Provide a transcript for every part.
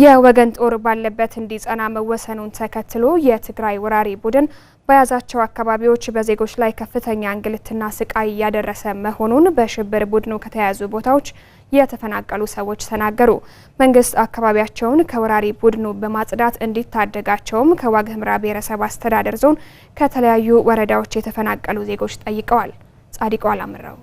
የወገን ጦር ባለበት እንዲጸና መወሰኑን ተከትሎ የትግራይ ወራሪ ቡድን በያዛቸው አካባቢዎች በዜጎች ላይ ከፍተኛ እንግልትና ስቃይ እያደረሰ መሆኑን በሽብር ቡድኑ ከተያዙ ቦታዎች የተፈናቀሉ ሰዎች ተናገሩ። መንግስት አካባቢያቸውን ከወራሪ ቡድኑ በማጽዳት እንዲታደጋቸውም ከዋግ ኽምራ ብሔረሰብ አስተዳደር ዞን ከተለያዩ ወረዳዎች የተፈናቀሉ ዜጎች ጠይቀዋል። ጻድቁ አላምረው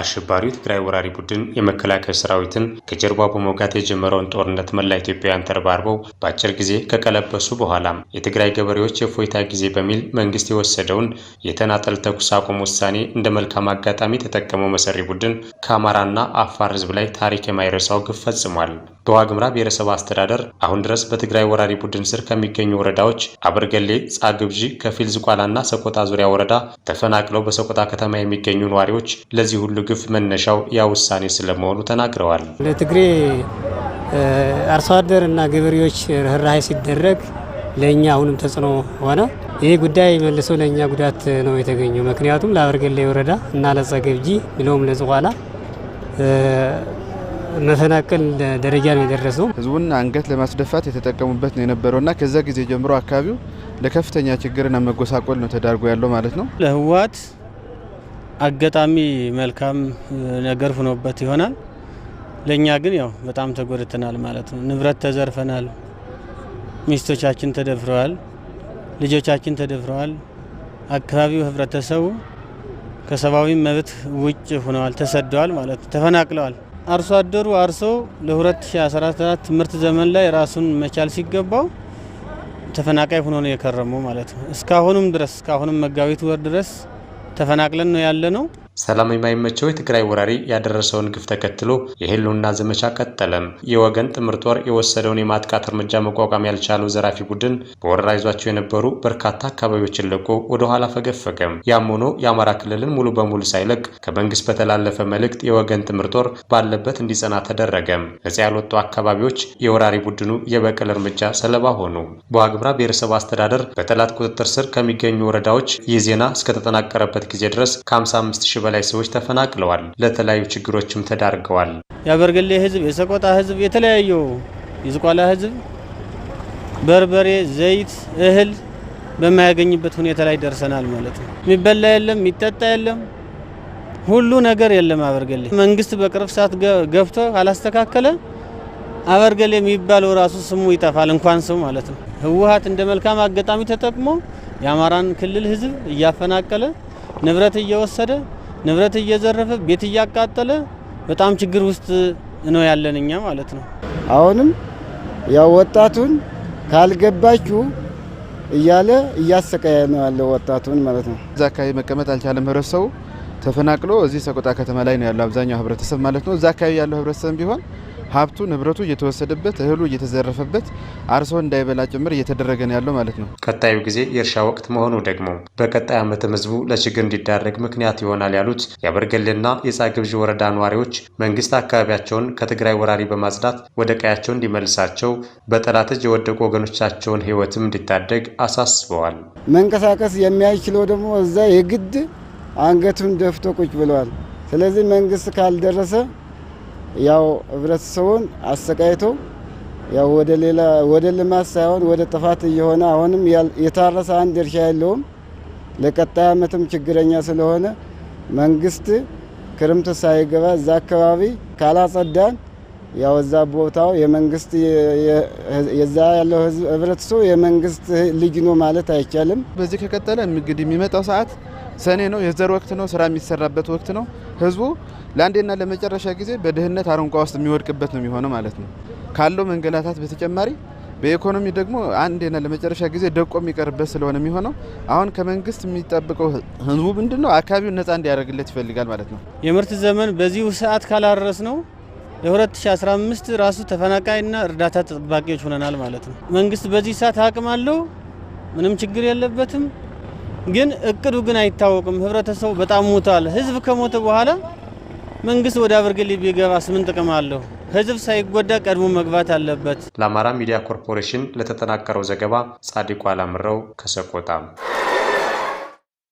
አሸባሪው ትግራይ ወራሪ ቡድን የመከላከያ ሰራዊትን ከጀርባ በመውጋት የጀመረውን ጦርነት መላ ኢትዮጵያውያን ተረባርበው በአጭር ጊዜ ከቀለበሱ በኋላ የትግራይ ገበሬዎች የፎይታ ጊዜ በሚል መንግስት የወሰደውን የተናጠል ተኩስ አቁም ውሳኔ እንደ መልካም አጋጣሚ የተጠቀመው መሰሪ ቡድን ከአማራና አፋር ህዝብ ላይ ታሪክ የማይረሳው ግፍ ፈጽሟል። ከዋግምራ ብሔረሰብ አስተዳደር አሁን ድረስ በትግራይ ወራሪ ቡድን ስር ከሚገኙ ወረዳዎች አብርገሌ፣ ጻግብዢ፣ ከፊል ዝቋላና ሰቆጣ ዙሪያ ወረዳ ተፈናቅለው በሰቆጣ ከተማ የሚገኙ ነዋሪዎች ለዚህ ሁሉ ግፍ መነሻው ያ ውሳኔ ስለመሆኑ ተናግረዋል። ለትግሬ አርሶ አደር እና ገበሬዎች ርኅራኄ ሲደረግ ለእኛ አሁንም ተጽዕኖ ሆነ። ይህ ጉዳይ መልሶ ለእኛ ጉዳት ነው የተገኘው። ምክንያቱም ለአብርገሌ ወረዳ እና ለጻግብጂ ብሎም ለዝቋላ መፈናቀል ደረጃ ነው የደረሰው። ህዝቡን አንገት ለማስደፋት የተጠቀሙበት ነው የነበረው እና ከዛ ጊዜ ጀምሮ አካባቢው ለከፍተኛ ችግርና መጎሳቆል ነው ተዳርጎ ያለው ማለት ነው። ለህወሓት አጋጣሚ መልካም ነገር ሆኖበት ይሆናል። ለእኛ ግን ያው በጣም ተጎድተናል ማለት ነው። ንብረት ተዘርፈናል፣ ሚስቶቻችን ተደፍረዋል፣ ልጆቻችን ተደፍረዋል። አካባቢው ህብረተሰቡ ከሰብአዊ መብት ውጭ ሆነዋል፣ ተሰደዋል ማለት ነው፣ ተፈናቅለዋል። አርሶ አደሩ አርሶ ለ 2014 ትምህርት ዘመን ላይ ራሱን መቻል ሲገባው ተፈናቃይ ሆኖ ነው የከረመው ማለት ነው። እስካሁንም ድረስ እስካሁንም መጋቢት ወር ድረስ ተፈናቅለን ነው ያለ ነው። ሰላም የማይመቸው የትግራይ ወራሪ ያደረሰውን ግፍ ተከትሎ የህልውና ዘመቻ ቀጠለም። የወገን ጥምር ጦር የወሰደውን የማጥቃት እርምጃ መቋቋም ያልቻለው ዘራፊ ቡድን በወረራ ይዟቸው የነበሩ በርካታ አካባቢዎችን ለቆ ወደ ኋላ ፈገፈገም። ያም ሆኖ የአማራ ክልልን ሙሉ በሙሉ ሳይለቅ ከመንግስት በተላለፈ መልእክት የወገን ጥምር ጦር ባለበት እንዲጸና ተደረገም። ነጻ ያልወጡ አካባቢዎች የወራሪ ቡድኑ የበቀል እርምጃ ሰለባ ሆኑ። በዋግምራ ብሔረሰብ አስተዳደር በጠላት ቁጥጥር ስር ከሚገኙ ወረዳዎች ይህ ዜና እስከተጠናቀረበት ጊዜ ድረስ ከ55 በላይ ሰዎች ተፈናቅለዋል፣ ለተለያዩ ችግሮችም ተዳርገዋል። የአበርገሌ ህዝብ፣ የሰቆጣ ህዝብ፣ የተለያዩ የዝቋላ ህዝብ በርበሬ፣ ዘይት፣ እህል በማያገኝበት ሁኔታ ላይ ደርሰናል ማለት ነው። የሚበላ የለም፣ የሚጠጣ የለም፣ ሁሉ ነገር የለም። አበርገሌ መንግስት በቅርብ ሰዓት ገብቶ አላስተካከለ አበርገሌ የሚባለው ራሱ ስሙ ይጠፋል፣ እንኳን ስሙ ማለት ነው። ህወሀት እንደ መልካም አጋጣሚ ተጠቅሞ የአማራን ክልል ህዝብ እያፈናቀለ ንብረት እየወሰደ ንብረት እየዘረፈ ቤት እያቃጠለ በጣም ችግር ውስጥ ነው ያለን እኛ ማለት ነው። አሁንም ያው ወጣቱን ካልገባችሁ እያለ እያሰቃየ ነው ያለው ወጣቱን ማለት ነው። እዛ አካባቢ መቀመጥ አልቻለም ህብረተሰቡ ተፈናቅሎ እዚህ ሰቆጣ ከተማ ላይ ነው ያለው አብዛኛው ህብረተሰብ ማለት ነው። እዛ አካባቢ ያለው ህብረተሰብ ቢሆን ሀብቱ ንብረቱ እየተወሰደበት እህሉ እየተዘረፈበት አርሶ እንዳይበላ ጭምር እየተደረገ ነው ያለው ማለት ነው። ቀጣዩ ጊዜ የእርሻ ወቅት መሆኑ ደግሞ በቀጣይ ዓመትም ህዝቡ ለችግር እንዲዳረግ ምክንያት ይሆናል ያሉት የአበርገሌና የጻግብዥ ወረዳ ነዋሪዎች መንግስት አካባቢያቸውን ከትግራይ ወራሪ በማጽዳት ወደ ቀያቸው እንዲመልሳቸው በጠላት እጅ የወደቁ ወገኖቻቸውን ህይወትም እንዲታደግ አሳስበዋል። መንቀሳቀስ የሚያይችለው ደግሞ እዛ የግድ አንገቱን ደፍቶ ቁጭ ብለዋል። ስለዚህ መንግስት ካልደረሰ ያው ህብረተሰቡን አሰቃይቶ ያው ወደ ሌላ ወደ ልማት ሳይሆን ወደ ጥፋት እየሆነ አሁንም የታረሰ አንድ እርሻ የለውም። ለቀጣይ አመትም ችግረኛ ስለሆነ መንግስት ክርምት ሳይገባ እዛ አካባቢ ካላጸዳን ያው እዛ ቦታው የመንግስት የዛ ያለው ህብረተሰቡ የመንግስት ልጅ ነው ማለት አይቻልም። በዚህ ከቀጠለ እንግዲህ የሚመጣው ሰዓት ሰኔ ነው፣ የዘር ወቅት ነው፣ ስራ የሚሰራበት ወቅት ነው። ህዝቡ ለአንዴና ለመጨረሻ ጊዜ በድህነት አረንቋ ውስጥ የሚወድቅበት ነው የሚሆነው ማለት ነው። ካለው መንገላታት በተጨማሪ በኢኮኖሚ ደግሞ አንዴና ለመጨረሻ ጊዜ ደቆ የሚቀርበት ስለሆነ የሚሆነው አሁን ከመንግስት የሚጠብቀው ህዝቡ ምንድን ነው? አካባቢውን ነፃ እንዲያደርግለት ይፈልጋል ማለት ነው። የምርት ዘመን በዚሁ ሰዓት ካላረስ ነው የ2015 ራሱ ተፈናቃይና እርዳታ ተጠባቂዎች ሆነናል ማለት ነው። መንግስት በዚህ ሰዓት አቅም አለው፣ ምንም ችግር የለበትም። ግን እቅዱ ግን አይታወቅም። ህብረተሰቡ በጣም ሞቷል። ህዝብ ከሞተ በኋላ መንግስት ወደ አበርገሌ ቢገባስ ምን ጥቅም አለው? ህዝብ ሳይጎዳ ቀድሞ መግባት አለበት። ለአማራ ሚዲያ ኮርፖሬሽን ለተጠናቀረው ዘገባ ጻድቁ አላምረው ከሰቆጣ